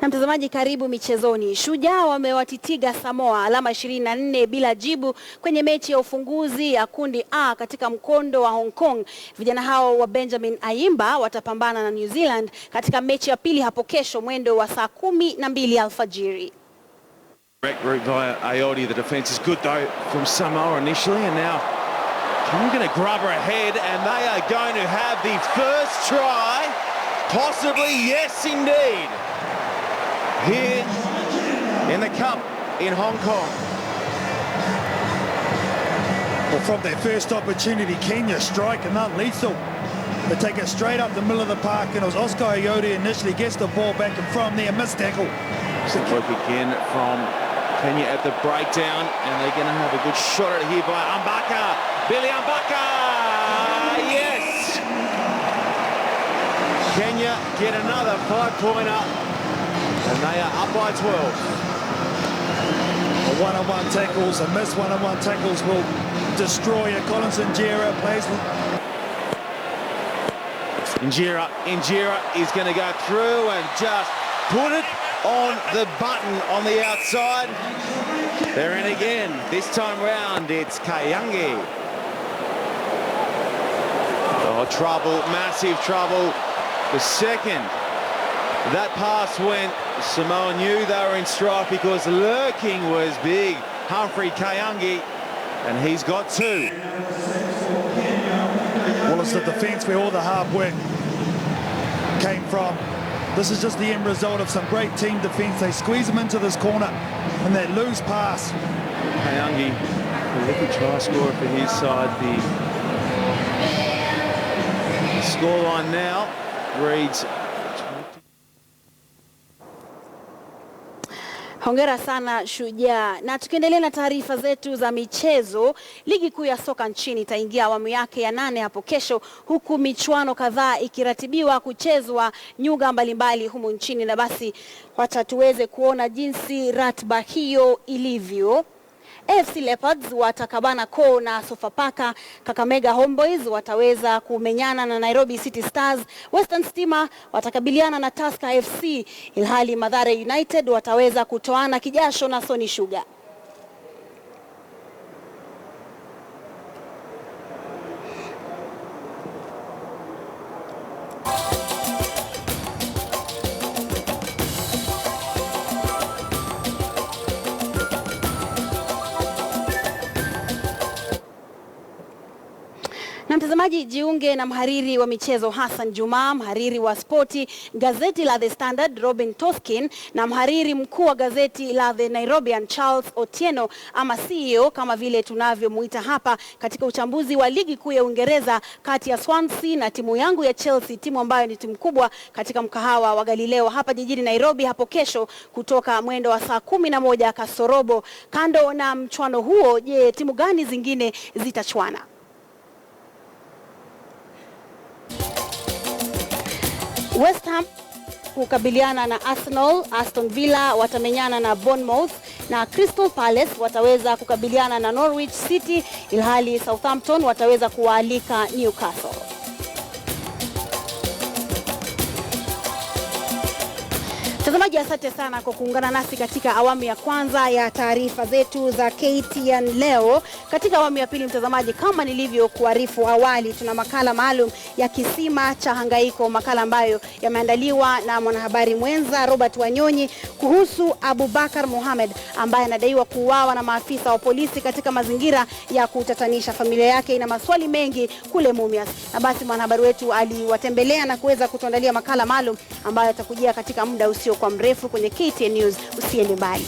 Na mtazamaji, karibu michezoni. Shujaa wamewatitiga Samoa alama 24 bila jibu kwenye mechi ya ufunguzi ya kundi A katika mkondo wa Hong Kong. Vijana hao wa Benjamin Ayimba watapambana na New Zealand katika mechi ya pili hapo kesho mwendo wa saa kumi na mbili alfajiri. Possibly, yes indeed. here in the Cup in Hong Kong. Well, from their first opportunity, Kenya strike and not lethal. They take it straight up the middle of the park, and it was Oscar Ayodi initially gets the ball back, and from there, missed tackle. a work again from Kenya at the breakdown, and they're going to have a good shot at it here by Ambaka. Billy Ambaka! Yes! Kenya get another five-pointer and they are up by 12. A one-on-one tackles, a missed one-on-one tackles will destroy a Collins and Jira plays. Injera, Injera is going to go through and just put it on the button on the outside. They're in again. This time round, it's Kayangi. Oh, trouble, massive trouble. The second that pass went Samoa knew they were in strife because lurking was big. Humphrey Kayangi, and he's got two. Well, it's the defence where all the hard work came from. This is just the end result of some great team defence. They squeeze them into this corner, and that loose pass. Kayangi, a wicked try scorer for his side. The scoreline now reads Hongera sana Shujaa. Na tukiendelea na taarifa zetu za michezo, ligi kuu ya soka nchini itaingia awamu yake ya nane hapo kesho, huku michuano kadhaa ikiratibiwa kuchezwa nyuga mbalimbali humu nchini, na basi wacha tuweze kuona jinsi ratiba hiyo ilivyo. AFC Leopards watakabana ko na Sofapaka, Kakamega Homeboys wataweza kumenyana na Nairobi City Stars, Western Stima watakabiliana na Tusker FC, ilhali Mathare United wataweza kutoana kijasho na Sony Sugar. Na mtazamaji, jiunge na mhariri wa michezo Hassan Juma, mhariri wa spoti gazeti la The Standard Robin Toskin na mhariri mkuu wa gazeti la The Nairobian Charles Otieno ama CEO kama vile tunavyomuita hapa, katika uchambuzi wa ligi kuu ya Uingereza kati ya Swansea na timu yangu ya Chelsea, timu ambayo ni timu kubwa katika mkahawa wa Galileo hapa jijini Nairobi hapo kesho kutoka mwendo wa saa kumi na moja kasorobo. Kando na mchwano huo, je, timu gani zingine zitachuana? West Ham kukabiliana na Arsenal, Aston Villa watamenyana na Bournemouth na Crystal Palace wataweza kukabiliana na Norwich City ilhali Southampton wataweza kuwaalika Newcastle. Mtazamaji, asante sana kwa kuungana nasi katika awamu ya kwanza ya taarifa zetu za KTN leo. Katika awamu ya pili, mtazamaji, kama nilivyokuarifu awali, tuna makala maalum ya kisima cha hangaiko, makala ambayo yameandaliwa na mwanahabari mwenza Robert Wanyonyi kuhusu Abubakar Mohamed ambaye anadaiwa kuuawa na maafisa wa polisi katika mazingira ya kutatanisha. Familia yake ina maswali mengi kule Mumias, na basi mwanahabari wetu aliwatembelea na kuweza kutuandalia makala maalum ambayo atakujia katika muda usio kwa mrefu kwenye KTN News. Usiende mbali.